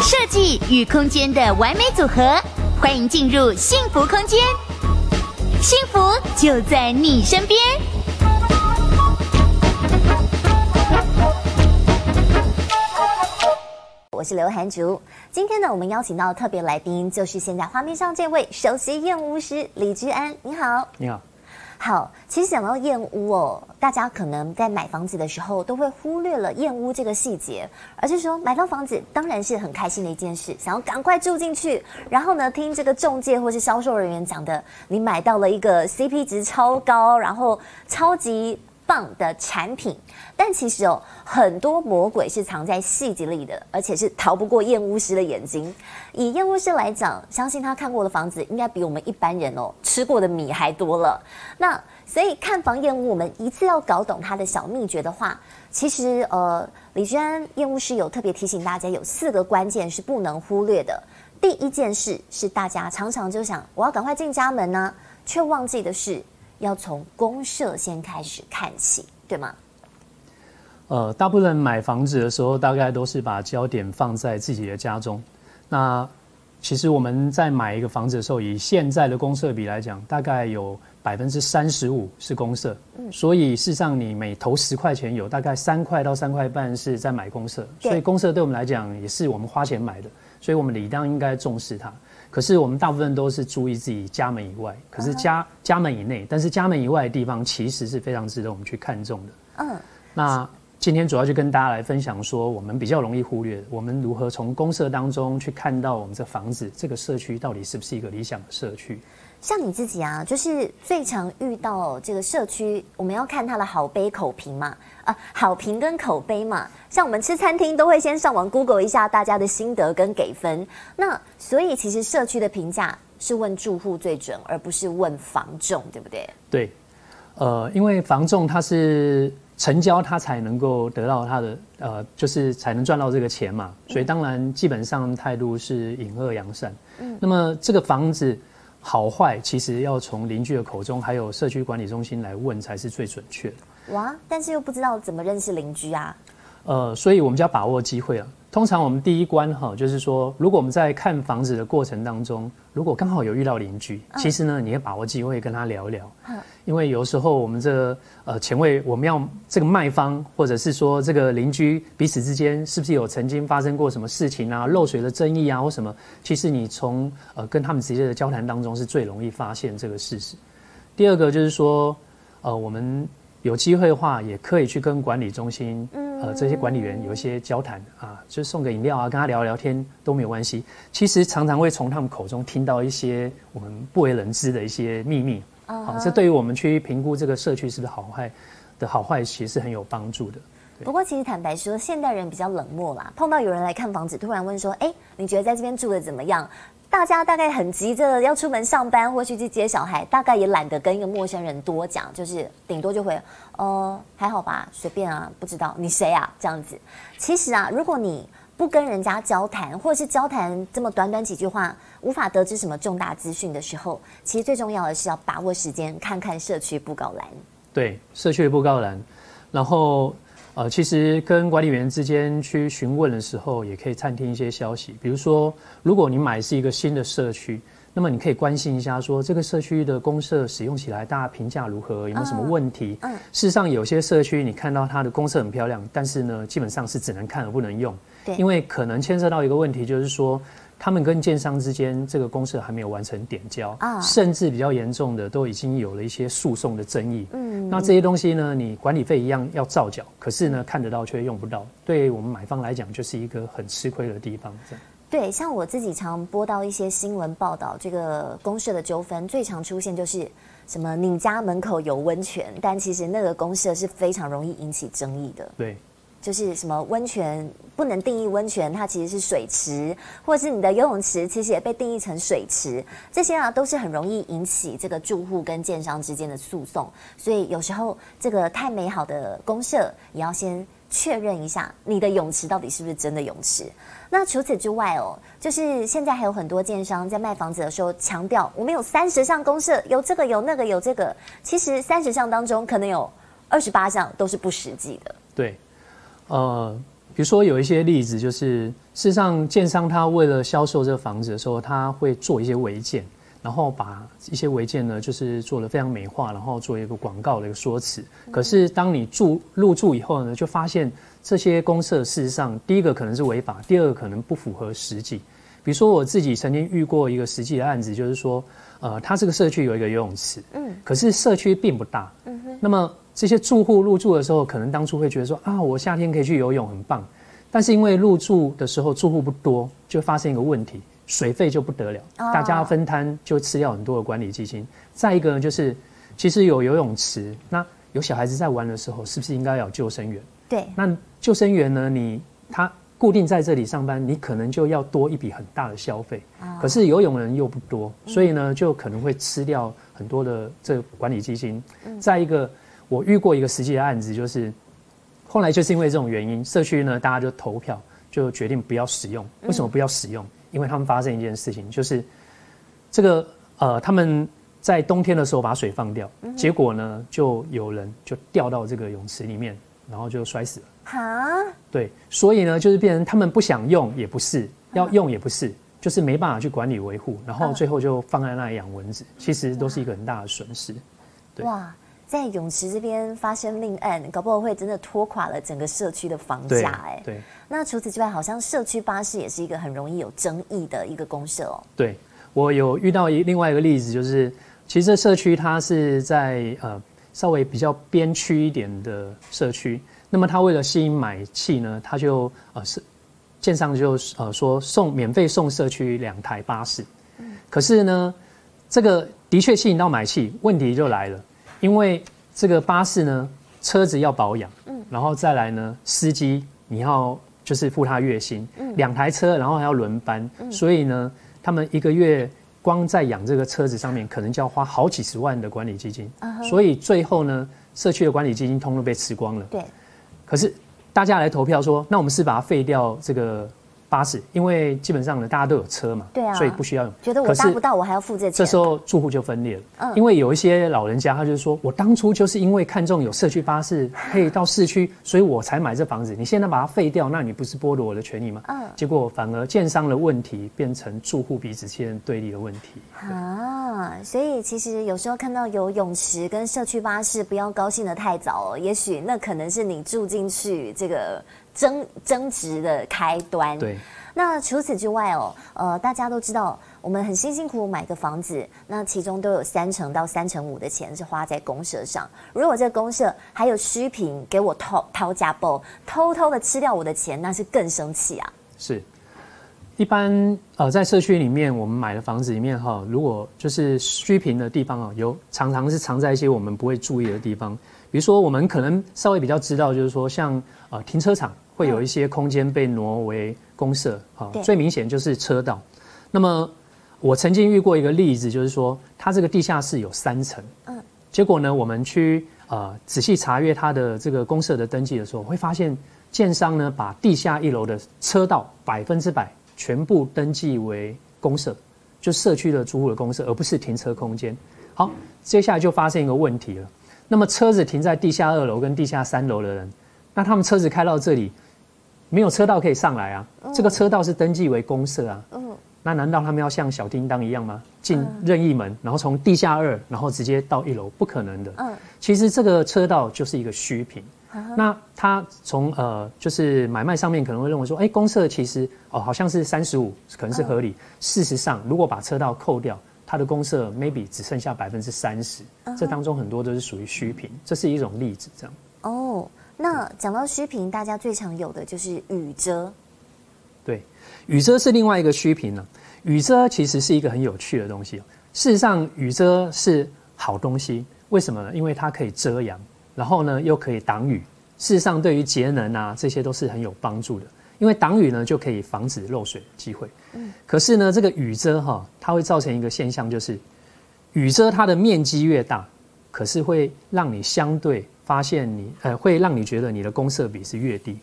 設計與空間的完美組合，歡迎進入幸福空間，幸福就在你身邊。我是劉涵竹，今天呢，我們邀請到特別來賓就是現在畫面上這位首席驗屋師李居安，你好，你好。好，其實講到驗屋哦，大家可能在買房子的時候都會忽略了驗屋這個細節，而是說買到房子當然是很開心的一件事，想要趕快住進去，然後呢，聽這個中介或是銷售人員講的，你買到了一個 CP 值超高，然後超級棒的產品，但其實哦，很多魔鬼是藏在細節裡的，而且是逃不過驗屋師的眼睛。以驗屋師來講，相信他看過的房子應該比我們一般人哦，吃過的米還多了。那所以看房驗屋，我們一次要搞懂他的小祕訣的話，其實呃，李娟驗屋師有特別提醒大家，有四個關鍵是不能忽略的。第一件事是大家常常就想我要趕快進家門呢，卻忘記的是。要從公設先開始看起，對嗎？呃，大部分人買房子的時候，大概都是把焦點放在自己的家中。那其實我們在買一個房子的時候，以現在的公設比來講，大概有百分之三十五是公設。嗯、所以事實上，你每投十塊錢有，有大概三塊到三塊半是在買公設。對所以公設對我們來講，也是我們花錢買的，所以我們理當應該重視它。可是我們大部分都是注意自己家門以外，可是家、uh huh. 家門以內，但是家門以外的地方其實是非常值得我們去看重的。嗯、uh huh. 那今天主要就跟大家來分享說，我們比較容易忽略，我們如何從公社當中去看到我們這房子這個社區到底是不是一個理想的社區。像你自己啊，就是最常遇到這個社區，我們要看他的好碑口評嘛，啊，好評跟口碑嘛。像我們吃餐廳都會先上網 Google 一下大家的心得跟給分，那所以其實社區的評價是問住戶最準，而不是問房仲，對不對？對，呃，因為房仲他是成交他才能夠得到他的，呃，就是才能賺到這個錢嘛，所以當然基本上態度是隱惡揚善。嗯，那麼這個房子。好壞其實要從鄰居的口中，還有社區管理中心來問才是最準確的。哇！但是又不知道怎麼認識鄰居啊。呃，所以我們就要把握機會啊。通常我們第一關哈，就是說，如果我們在看房子的過程當中，如果剛好有遇到鄰居，嗯、其實呢，你也把握機會跟他聊一聊。嗯、因為有時候我們這個、呃前衛，我們要這個賣方或者是說這個鄰居彼此之間是不是有曾經發生過什麼事情啊、漏水的爭議啊或什麼？其實你從呃跟他們直接的交談當中是最容易發現這個事實。第二個就是說，呃，我們有機會的話，也可以去跟管理中心、嗯。呃，這些管理員有一些交談啊，就送個飲料啊，跟他聊聊天都沒有關係。其實常常會從他們口中聽到一些我們不為人知的一些秘密、uh huh. 啊，這對於我們去評估這個社區是不是好壞的好壞，其實是很有幫助的。不過其實坦白說，現代人比較冷漠啦，碰到有人來看房子，突然問說：“哎、欸，你覺得在這邊住得怎麼樣？”大家大概很急着要出門上班，或去接小孩，大概也懶得跟一個陌生人多講，就是頂多就會，哦、呃，還好吧，隨便啊，不知道你誰啊，這樣子。其實啊，如果你不跟人家交談，或者是交談這麼短短幾句話，無法得知什麼重大資訊的時候，其實最重要的是要把握時間，看看社區布告欄。對，社區布告欄，然後。呃，其實跟管理員之間去詢問的時候，也可以探聽一些消息。比如說，如果你買的是一個新的社區，那麼你可以關心一下說，說這個社區的公廁使用起來大家評價如何，有沒有什麼問題？哦、嗯，事實上有些社區你看到它的公廁很漂亮，但是呢，基本上是只能看而不能用，對因為可能牽涉到一個問題，就是說。他們跟建商之間，這個公設還沒有完成點交啊，甚至比較嚴重的，都已經有了一些訴訟的爭議。嗯，那這些東西呢，你管理費一樣要照繳，可是呢，看得到卻用不到，對我們買方來講，就是一個很吃虧的地方這樣。對，像我自己常播到一些新聞報道，這個公設的糾紛最常出現就是什麼？你家門口有溫泉，但其實那個公設是非常容易引起爭議的。對。就是什麼溫泉不能定義溫泉，它其實是水池，或者是你的游泳池，其實也被定義成水池。這些啊都是很容易引起這個住戶跟建商之間的訴訟。所以有時候這個太美好的公設，也要先確認一下你的泳池到底是不是真的泳池。那除此之外哦、喔，就是現在還有很多建商在賣房子的時候強調，我們有三十項公設，有這個有那個有這個。其實三十項當中，可能有二十八項都是不實際的。對。呃，比如說有一些例子，就是事實上，建商他為了銷售這個房子的時候，他會做一些違建，然後把一些違建呢，就是做得非常美化，然後做一個廣告的一個說辭。可是當你住入住以後呢，就發現這些公設，事實上，第一個可能是違法，第二個可能不符合實際。比如說我自己曾經遇過一個實際的案子，就是說，呃，他這個社區有一個游泳池，嗯，可是社區並不大，嗯哼，那麼這些住戶入住的時候，可能當初會覺得說啊，我夏天可以去游泳，很棒，但是因為入住的時候住戶不多，就發生一個問題，水費就不得了，大家分攤就吃掉很多的管理基金。哦，再一個呢，就是，其實有游泳池，那有小孩子在玩的時候，是不是應該要有救生員？對，那救生員呢？你他。固定在這裡上班，你可能就要多一筆很大的消費。Oh. 可是游泳的人又不多，嗯、所以呢，就可能會吃掉很多的這個管理基金。嗯、再一個，我遇過一個實際的案子，就是後來就是因為這種原因，社區呢大家就投票，就決定不要使用。嗯、為什麼不要使用？因為他們發生一件事情，就是這個呃，他們在冬天的時候把水放掉，嗯、哼結果呢，就有人就掉到這個泳池裡面，然後就摔死了。哈，對，所以呢，就是變成他們不想用也不是，要用也不是，就是沒辦法去管理維護，然後最後就放在那裡養蚊子，其實都是一個很大的損失。對哇，在泳池這邊發生命案，搞不好會真的拖垮了整個社區的房價。誒，對，那除此之外，好像社區巴士也是一個很容易有爭議的一個公設哦、喔。對，我有遇到一另外一個例子，就是其實這社區它是在呃稍微比較邊區一點的社區。那麼他為了吸引買氣呢，他就呃，是，建商就呃說送免費送社區兩台巴士，嗯、可是呢，這個的確吸引到買氣，問題就來了，因為這個巴士呢車子要保養，嗯、然後再來呢司機你要就是付他月薪，嗯、兩台車然後還要輪班，嗯、所以呢他們一個月光在養這個車子上面，嗯、可能就要花好幾十萬的管理基金，啊、呵呵所以最後呢社區的管理基金通通被吃光了，對。可是，大家來投票說，那我們是把它廢掉這個。巴士，因為基本上呢，大家都有車嘛，對啊，所以不需要用。覺得我搭不到，我還要付這錢。這時候住戶就分裂了，嗯，因為有一些老人家，他就是說我當初就是因為看中有社區巴士、嗯、可以到市區，所以我才買這房子。你現在把它廢掉，那你不是剝奪我的權益嗎？嗯，結果反而建商的問題變成住戶彼此之間對立的問題啊。所以其實有時候看到有泳池跟社區巴士，不要高興得太早、哦、也許那可能是你住進去這個。爭爭執的開端。對，那除此之外哦、喔，呃，大家都知道，我們很辛辛苦苦買個房子，那其中都有三成到三成五的錢是花在公設上。如果這個公設還有虛坪給我掏掏價偷偷的吃掉我的錢，那是更生氣啊！是。一般呃，在社區裡面，我們買的房子裡面哈，如果就是虛坪的地方啊，有常常是藏在一些我們不會注意的地方。比如說，我們可能稍微比較知道，就是說，像呃停車場會有一些空間被挪為公設啊。呃、對最明顯就是車道。那麼我曾經遇過一個例子，就是說，它這個地下室有三層。嗯。結果呢，我們去呃仔細查閱它的這個公設的登記的時候，會發現建商呢把地下一樓的車道百分之百。全部登記為公設，就社區的住戶的公設，而不是停車空間。好，接下來就發現一個問題了。那麼，車子停在地下二樓跟地下三樓的人，那他們車子開到這裡，沒有車道可以上來啊？這個車道是登記為公設啊。那難道他們要像小叮噹一樣嗎？進任意門，然後從地下二，然後直接到一樓？不可能的。其實，這個車道就是一個虛坪。那他從呃，就是買賣上面可能會認為說，哎、欸，公設其實哦，好像是三十五，可能是合理。嗯、事實上，如果把車道扣掉，它的公設 maybe 只剩下百分之三十，這當中很多都是屬於虛坪，這是一種例子。這樣哦，那講到虛坪，大家最常有的就是雨遮。對，雨遮是另外一個虛坪呢、啊。雨遮其實是一個很有趣的東西、啊。事實上，雨遮是好東西，為什麼呢？因為它可以遮陽。然後呢，又可以擋雨。事實上，對於節能啊，這些都是很有幫助的。因為擋雨呢，就可以防止漏水的機會。可是呢，這個雨遮哈、哦，它會造成一個現象，就是雨遮它的面積越大，可是會讓你相對發現你，呃，會讓你覺得你的公設比是越低。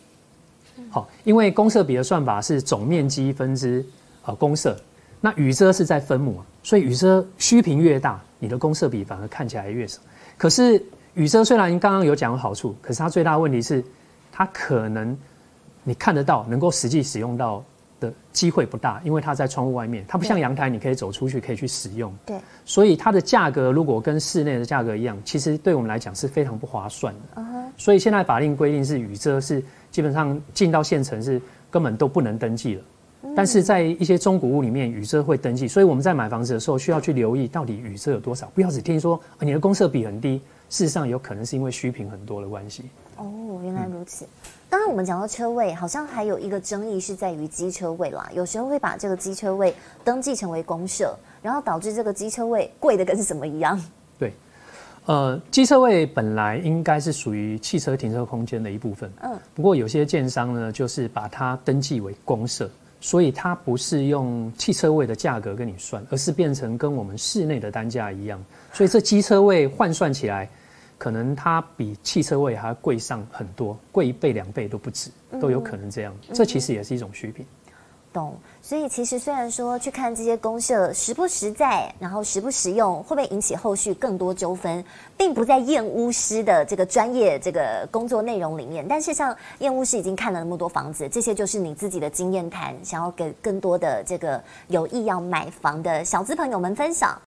好、哦，因為公設比的算法是總面積分之呃公設，那雨遮是在分母、啊，所以雨遮虛坪越大，你的公設比反而看起來越少。可是。雨遮雖然剛剛有講好處，可是它最大的問題是，它可能你看得到，能夠實際使用到的機會不大，因為它在窗戶外面，它不像陽台，對你可以走出去可以去使用。對。所以它的價格如果跟室內的價格一樣，其實對我們來講是非常不划算的。Uh huh、所以現在法令規定是雨遮是基本上進到縣城是根本都不能登記了，嗯、但是在一些中古屋裡面雨遮會登記，所以我們在買房子的時候需要去留意到底雨遮有多少，不要只聽說、呃、你的公設比很低。事實上，有可能是因為虛坪很多的關係。哦，原來如此。剛剛我們講到車位，好像還有一個爭議是在於機車位啦，有時候會把這個機車位登記成為公設，然後導致這個機車位貴的跟什麼一樣。對，呃，機車位本來應該是屬於汽車停車空間的一部分。嗯，不過有些建商呢，就是把它登記為公設。所以它不是用汽車位的價格跟你算，而是變成跟我們室內的單價一樣。所以這機車位換算起來，可能它比汽車位還要貴上很多，貴一倍兩倍都不止，都有可能這樣。這其實也是一種虛坪。懂，所以其實雖然說去看這些公設實不實在，然後實不實用，會不會引起後續更多糾紛，並不在驗屋師的這個專業這個工作內容裡面。但是像驗屋師已經看了那麼多房子，這些就是你自己的經驗談，想要給更多的這個有意要買房的小資朋友們分享。